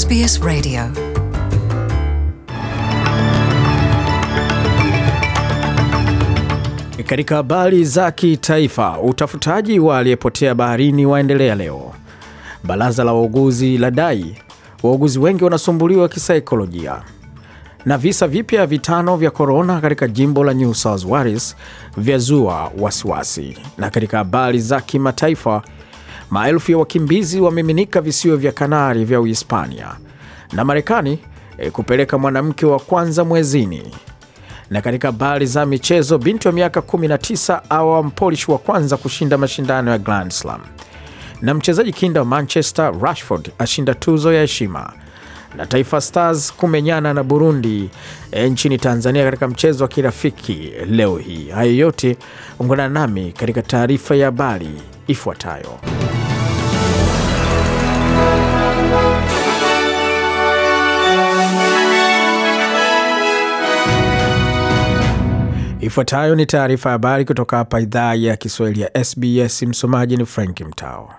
SBS Radio Katika habari za kitaifa, utafutaji wa aliyepotea baharini waendelea leo. Baraza la wauguzi la dai wauguzi wengi wanasumbuliwa kisaikolojia. Na visa vipya vitano vya korona katika jimbo la New South Wales vyazua wasiwasi. Na katika habari za kimataifa maelfu ya wakimbizi wamiminika visiwa vya Kanari vya Uhispania na Marekani e, kupeleka mwanamke wa kwanza mwezini. Na katika bali za michezo, binti wa miaka 19 awa Mpolish wa kwanza kushinda mashindano ya Grand Slam, na mchezaji kinda wa Manchester Rashford ashinda tuzo ya heshima na Taifa Stars kumenyana na Burundi e, nchini Tanzania katika mchezo wa kirafiki leo hii. Hayo yote ungana nami katika taarifa ya habari ifuatayo. Ifuatayo ni taarifa habari kutoka hapa idhaa ya Kiswahili ya SBS. Msomaji ni Frank Mtao.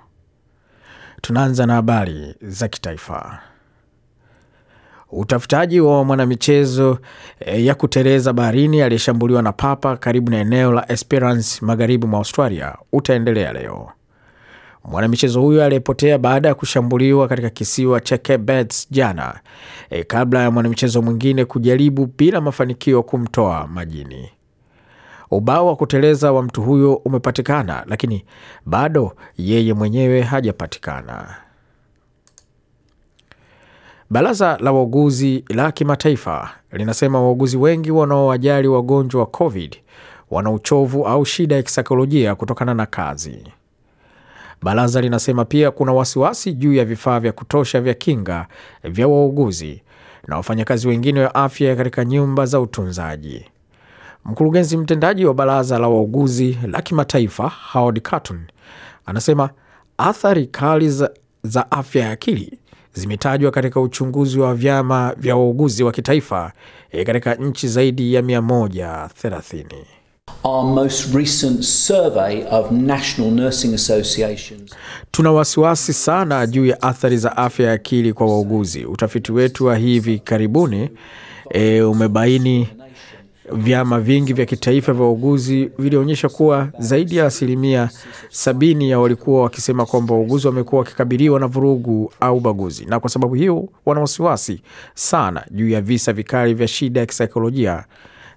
Tunaanza na habari za kitaifa. Utafutaji wa mwanamichezo eh, ya kutereza baharini aliyeshambuliwa na papa karibu na eneo la Esperance magharibi mwa Australia utaendelea leo. Mwanamichezo huyo aliyepotea baada ya kushambuliwa katika kisiwa cha Cape Beds jana, e, kabla ya mwanamichezo mwingine kujaribu bila mafanikio kumtoa majini. Ubao wa kuteleza wa mtu huyo umepatikana, lakini bado yeye mwenyewe hajapatikana. Baraza la Wauguzi la Kimataifa linasema wauguzi wengi wanaowajali wagonjwa wa COVID wana uchovu au shida ya kisaikolojia kutokana na kazi. Baraza linasema pia kuna wasiwasi juu ya vifaa vya kutosha vya kinga vya wauguzi na wafanyakazi wengine wa afya katika nyumba za utunzaji. Mkurugenzi mtendaji wa baraza la wauguzi la kimataifa Howard Carton anasema athari kali za, za afya ya akili zimetajwa katika uchunguzi wa vyama vya wauguzi wa kitaifa e, katika nchi zaidi ya 130. Our most recent survey of national nursing associations. Tuna wasiwasi sana juu ya athari za afya ya akili kwa wauguzi. Utafiti wetu wa hivi karibuni e, umebaini Vyama vingi vya kitaifa vya uuguzi vilionyesha kuwa zaidi ya asilimia sabini ya walikuwa wakisema kwamba wauguzi wamekuwa wakikabiliwa na vurugu au ubaguzi, na kwa sababu hiyo wana wasiwasi sana juu ya visa vikali vya shida ya kisaikolojia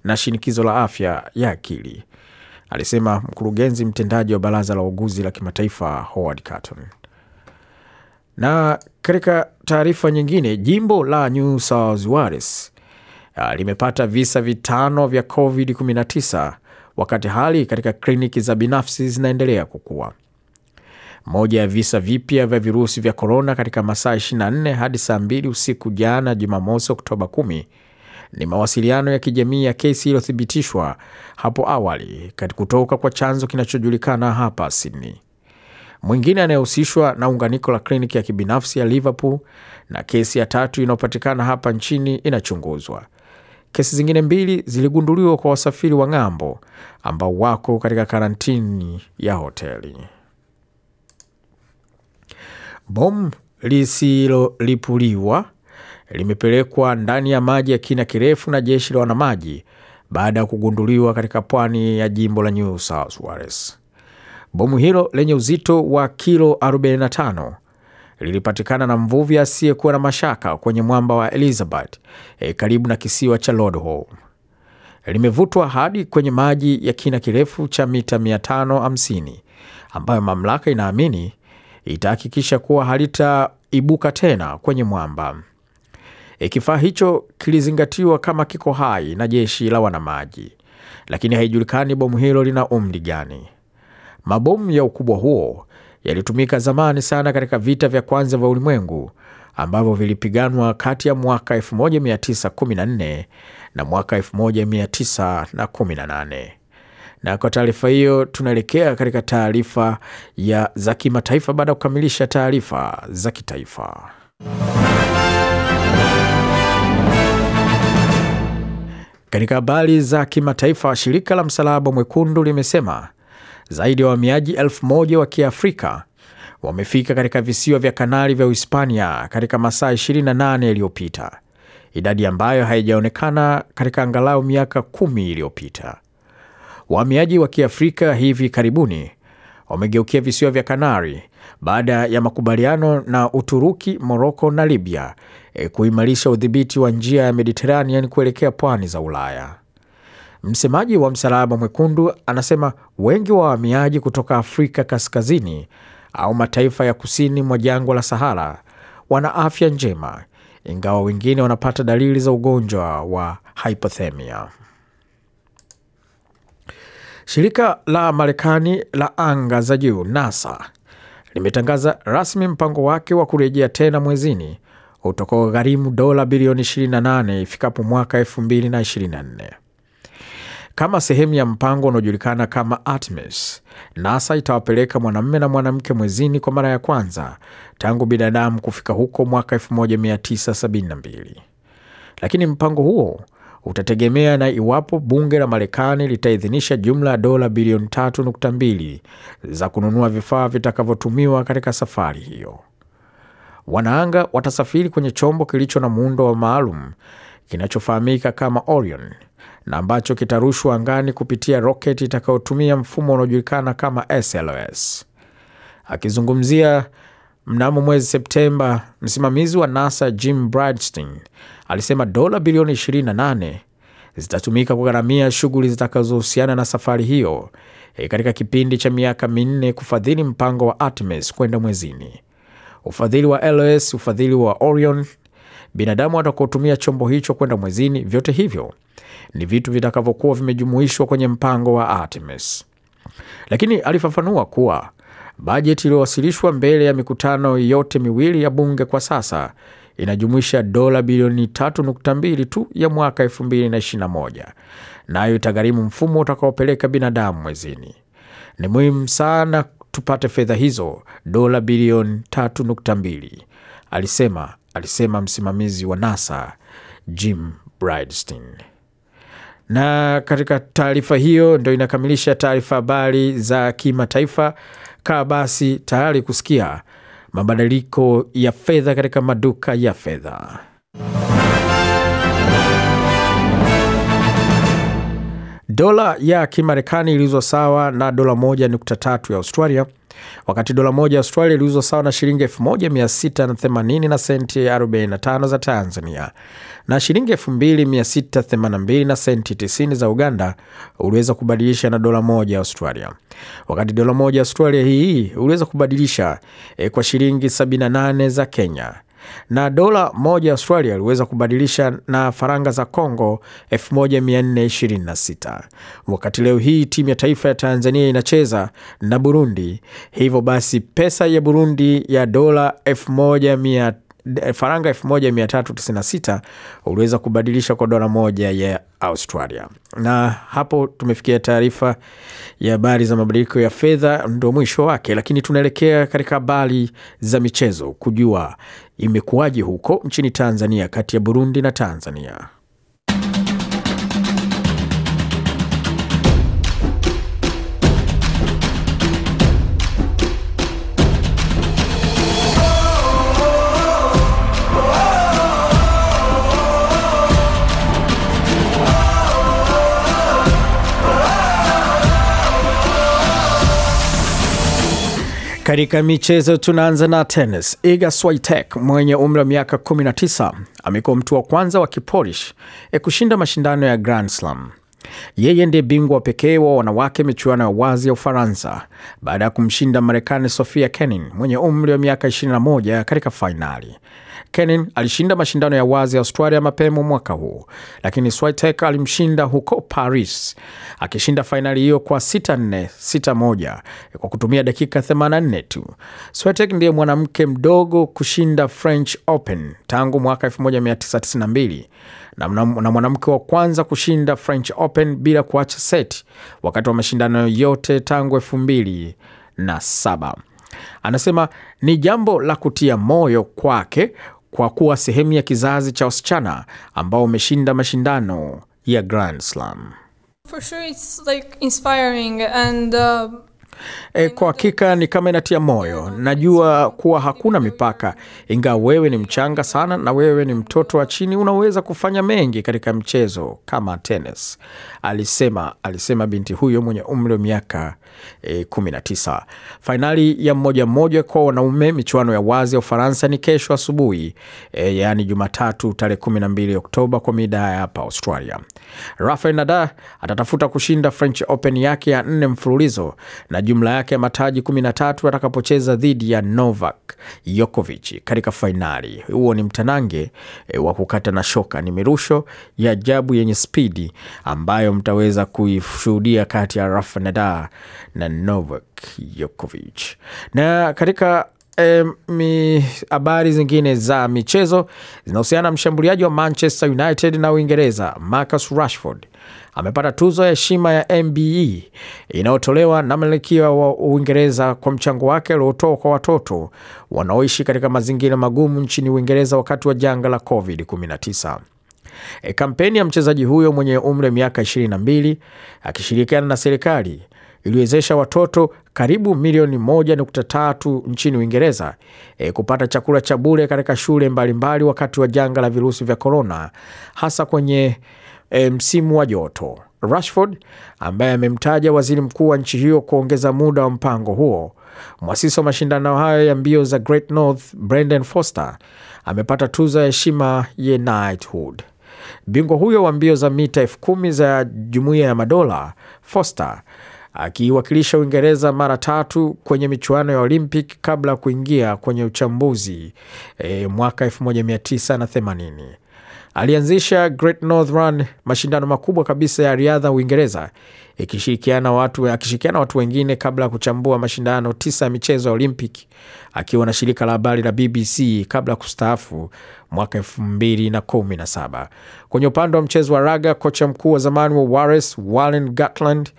na shinikizo la afya ya akili, alisema mkurugenzi mtendaji wa baraza la uuguzi la kimataifa Howard Carton. Na katika taarifa nyingine, jimbo la New South Wales Ah, limepata visa vitano vya COVID-19 wakati hali katika kliniki za binafsi zinaendelea kukua. Moja ya visa vipya vya virusi vya korona katika masaa 24 hadi saa 2 usiku jana Jumamosi, Oktoba 10 ni mawasiliano ya kijamii ya kesi iliyothibitishwa hapo awali kutoka kwa chanzo kinachojulikana hapa Sydney. Mwingine anayehusishwa na unganiko la kliniki ya kibinafsi ya Liverpool, na kesi ya tatu inayopatikana hapa nchini inachunguzwa. Kesi zingine mbili ziligunduliwa kwa wasafiri wa ng'ambo ambao wako katika karantini ya hoteli. Bomu lisilolipuliwa limepelekwa ndani ya maji ya kina kirefu na jeshi la wanamaji baada ya kugunduliwa katika pwani ya jimbo la New South Wales. Bomu hilo lenye uzito wa kilo 45 lilipatikana na mvuvi asiyekuwa na mashaka kwenye mwamba wa Elizabeth e, karibu na kisiwa cha Lodholm. Limevutwa hadi kwenye maji ya kina kirefu cha mita 550 ambayo mamlaka inaamini itahakikisha kuwa halitaibuka tena kwenye mwamba. E, kifaa hicho kilizingatiwa kama kiko hai na jeshi la wanamaji, lakini haijulikani bomu hilo lina umri gani. Mabomu ya ukubwa huo yalitumika zamani sana katika vita vya kwanza vya ulimwengu ambavyo vilipiganwa kati ya mwaka 1914 na mwaka 1918 na kwa taarifa hiyo tunaelekea katika taarifa za kimataifa baada ya kukamilisha taarifa za kitaifa. Katika habari za kimataifa, shirika la Msalaba Mwekundu limesema zaidi ya wa wahamiaji elfu moja wa Kiafrika wamefika katika visiwa vya Kanari vya Uhispania katika masaa 28 yaliyopita, idadi ambayo haijaonekana katika angalau miaka kumi iliyopita. Wahamiaji wa Kiafrika hivi karibuni wamegeukia visiwa vya Kanari baada ya makubaliano na Uturuki, Moroko na Libya e, kuimarisha udhibiti wa njia ya Mediterranean kuelekea pwani za Ulaya. Msemaji wa Msalaba Mwekundu anasema wengi wa wahamiaji kutoka Afrika Kaskazini au mataifa ya kusini mwa jangwa la Sahara wana afya njema, ingawa wengine wanapata dalili za ugonjwa wa hypothermia. Shirika la Marekani la anga za juu NASA limetangaza rasmi mpango wake wa kurejea tena mwezini utakao gharimu dola bilioni 28 ifikapo mwaka 2024. Kama sehemu ya mpango unaojulikana kama Artemis, NASA itawapeleka mwanamume na mwanamke mwezini kwa mara ya kwanza tangu binadamu kufika huko mwaka 1972. Lakini mpango huo utategemea na iwapo bunge la Marekani litaidhinisha jumla ya dola bilioni 3.2 za kununua vifaa vitakavyotumiwa katika safari hiyo. Wanaanga watasafiri kwenye chombo kilicho na muundo wa maalum kinachofahamika kama Orion na ambacho kitarushwa angani kupitia roketi itakayotumia mfumo unaojulikana kama SLS. Akizungumzia mnamo mwezi Septemba, msimamizi wa NASA Jim Bridenstine alisema dola bilioni 28 zitatumika kugharamia shughuli zitakazohusiana na safari hiyo e, katika kipindi cha miaka minne kufadhili mpango wa Artemis kwenda mwezini, ufadhili wa LS, ufadhili wa Orion binadamu atakaotumia chombo hicho kwenda mwezini, vyote hivyo ni vitu vitakavyokuwa vimejumuishwa kwenye mpango wa Artemis. Lakini alifafanua kuwa bajeti iliyowasilishwa mbele ya mikutano yote miwili ya bunge kwa sasa inajumuisha dola bilioni 3.2 tu ya mwaka 2021 nayo itagharimu mfumo utakaopeleka binadamu mwezini. Ni muhimu sana tupate fedha hizo, dola bilioni 3.2, alisema alisema msimamizi wa NASA Jim Bridenstine. Na katika taarifa hiyo ndo inakamilisha taarifa habari za kimataifa. Kaa basi tayari kusikia mabadiliko ya fedha katika maduka ya fedha. Dola ya Kimarekani iliuzwa sawa na dola 1.3 ya Australia wakati dola moja ya Australia iliuzwa sawa na shilingi 1680 na senti 45 za Tanzania na shilingi 2682 na senti 90 za Uganda uliweza kubadilisha na dola moja ya Australia, wakati dola moja ya Australia hii uliweza kubadilisha eh, kwa shilingi 78 za Kenya na dola moja ya Australia aliweza kubadilisha na faranga za Congo 1426. Wakati leo hii timu ya taifa ya Tanzania inacheza na Burundi, hivyo basi pesa ya Burundi ya dola 1 faranga elfu moja mia tatu sita uliweza kubadilisha kwa dola moja ya Australia. Na hapo tumefikia taarifa ya habari za mabadiliko ya fedha, ndo mwisho wake, lakini tunaelekea katika habari za michezo kujua imekuwaje huko nchini Tanzania, kati ya Burundi na Tanzania. Katika michezo tunaanza na tenis. Iga Swiatek mwenye umri wa miaka 19 amekuwa mtu wa kwanza wa Kipolish e kushinda mashindano ya Grand Slam. Yeye ndiye bingwa pekee wa wanawake michuano ya wazi ya Ufaransa baada ya kumshinda Marekani Sofia Kenin mwenye umri wa miaka 21 katika fainali. Kenin alishinda mashindano ya wazi ya Australia mapema mwaka huu, lakini Switek alimshinda huko Paris, akishinda fainali hiyo kwa 6-4, 6-1 kwa kutumia dakika 84 tu. Switek ndiye mwanamke mdogo kushinda French Open tangu mwaka 1992 na, mwanamke wa kwanza kushinda French Open bila kuacha set wakati wa mashindano yote tangu 27 Anasema ni jambo la kutia moyo kwake kwa kuwa sehemu ya kizazi cha wasichana ambao wameshinda mashindano ya Grand Slam. For sure it's like E, kwa hakika ni kama inatia moyo. Najua kuwa hakuna mipaka, ingawa wewe ni mchanga sana na wewe ni mtoto wa chini, unaweza kufanya mengi katika mchezo kama tenis, alisema alisema binti huyo mwenye umri wa miaka e, eh, 19. Fainali ya mmoja mmoja kwa wanaume michuano ya wazi ya Ufaransa ni kesho asubuhi, e, yaani Jumatatu tarehe 12 Oktoba kwa mida ya hapa Australia. Rafael Nadal atatafuta kushinda French Open yake ya nne mfululizo na jumla yake ya mataji 13 atakapocheza dhidi ya Novak Djokovic katika fainali. Huo ni mtanange e, wa kukata na shoka, ni mirusho ya ajabu yenye spidi ambayo mtaweza kuishuhudia kati ya Rafa Nadal na Novak Djokovic. Na katika E, mi, habari zingine za michezo zinahusiana na mshambuliaji wa Manchester United na Uingereza Marcus Rashford amepata tuzo ya heshima ya MBE inayotolewa na malkia wa Uingereza kwa mchango wake aliotoa kwa watoto wanaoishi katika mazingira magumu nchini Uingereza wakati wa janga la COVID-19. E, kampeni ya mchezaji huyo mwenye umri wa miaka 22 akishirikiana na serikali iliwezesha watoto karibu milioni 1.3 nchini Uingereza e, kupata chakula cha bure katika shule mbalimbali mbali wakati wa janga la virusi vya korona, hasa kwenye e, msimu wa joto. Rashford ambaye amemtaja waziri mkuu wa nchi hiyo kuongeza muda wa mpango huo. Mwasisi wa mashindano hayo ya mbio za Great North Brendan Foster amepata tuzo ya heshima ya knighthood. Bingwa huyo wa mbio za mita elfu kumi za Jumuiya ya Madola, Foster akiwakilisha Uingereza mara tatu kwenye michuano ya Olympic kabla ya kuingia kwenye uchambuzi e, mwaka 1980 alianzisha Great North Run, mashindano makubwa kabisa ya riadha Uingereza, ikishirikiana watu, akishirikiana watu wengine kabla ya kuchambua mashindano tisa ya michezo ya Olympic akiwa na shirika la habari la BBC kabla ya kustaafu mwaka elfu mbili na kumi na saba. Kwenye upande wa mchezo wa raga, kocha mkuu wa zamani wa Wallace Warren Gatland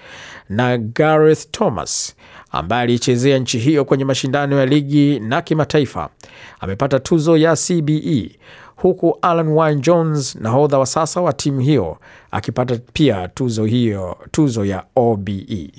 na Gareth Thomas ambaye aliichezea nchi hiyo kwenye mashindano ya ligi na kimataifa amepata tuzo ya CBE huku alan Wyn Jones, nahodha wa sasa wa timu hiyo, akipata pia tuzo hiyo, tuzo ya OBE.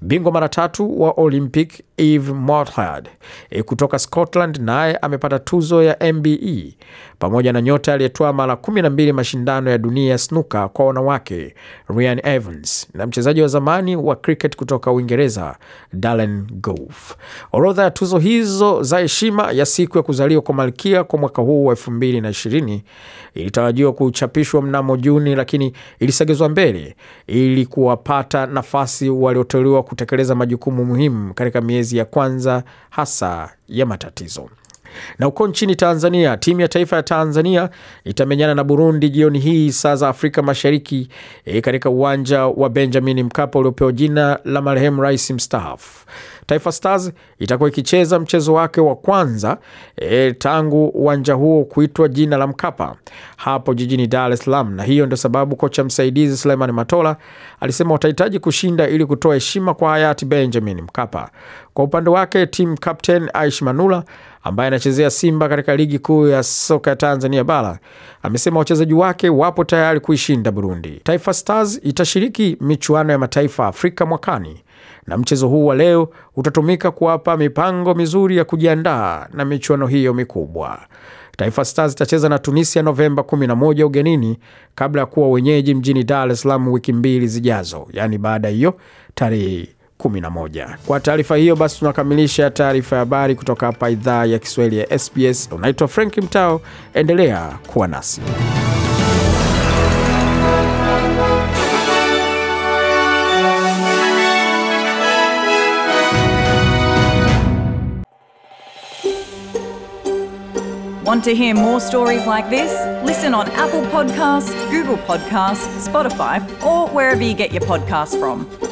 Bingwa mara tatu wa Olympic Eve Mothard e, kutoka Scotland naye amepata tuzo ya MBE, pamoja na nyota aliyetoa mara 12 mashindano ya dunia ya snuka kwa wanawake Ryan Evans na mchezaji wa zamani wa cricket kutoka Uingereza Darren Goff. Orodha ya tuzo hizo za heshima ya siku ya kuzaliwa kwa malkia kwa mwaka huu wa 2020 ilitarajiwa kuchapishwa mnamo Juni, lakini ilisogezwa mbele ili kuwapata nafasi walioteuliwa kutekeleza majukumu muhimu katika miezi ya kwanza hasa ya matatizo. Na huko nchini Tanzania, timu ya taifa ya Tanzania itamenyana na Burundi jioni hii saa za Afrika Mashariki e, katika uwanja wa Benjamin Mkapa uliopewa jina la marehemu rais mstaafu. Taifa Stars itakuwa ikicheza mchezo wake wa kwanza e, tangu uwanja huo kuitwa jina la Mkapa hapo jijini Dar es Salaam, na hiyo ndio sababu kocha msaidizi Suleiman Matola alisema watahitaji kushinda ili kutoa heshima kwa hayati Benjamin Mkapa. Kwa upande wake team captain Aish Manula ambaye anachezea Simba katika ligi kuu ya soka ya Tanzania bara amesema wachezaji wake wapo tayari kuishinda Burundi. Taifa Stars itashiriki michuano ya mataifa Afrika mwakani na mchezo huu wa leo utatumika kuwapa mipango mizuri ya kujiandaa na michuano hiyo mikubwa. Taifa Stars itacheza na Tunisia Novemba 11 ugenini kabla ya kuwa wenyeji mjini Dar es Salaam wiki mbili zijazo, yaani baada hiyo tarehe 11. Kwa taarifa hiyo basi, tunakamilisha taarifa ya habari kutoka hapa idhaa ya Kiswahili ya SBS. Unaitwa Frank Mtao, endelea kuwa nasi. Want to hear more stories like this? Listen on Apple Podcasts, Google Podcasts, Spotify, or wherever you get your podcasts from.